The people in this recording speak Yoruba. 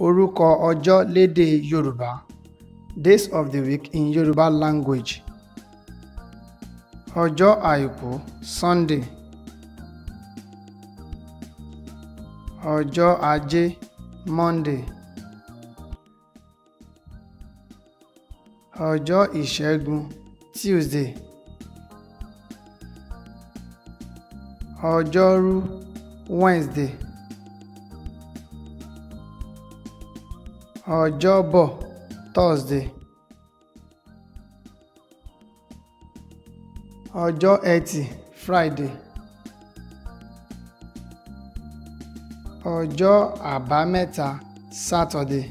Orúkọ ọjọ́ lédè Yorùbá. Days of the week in Yoruba language. Ọjọ́ Àìkú Sunday. Ọjọ́ Ajé Monday. Ọjọ́ Ìṣẹ́gun Tuesday. Ọjọ́rú Wednesday. ọjọ́bọ̀ Thursday ọjọ́ ẹtì Friday ọjọ́ àbámẹ́ta Saturday.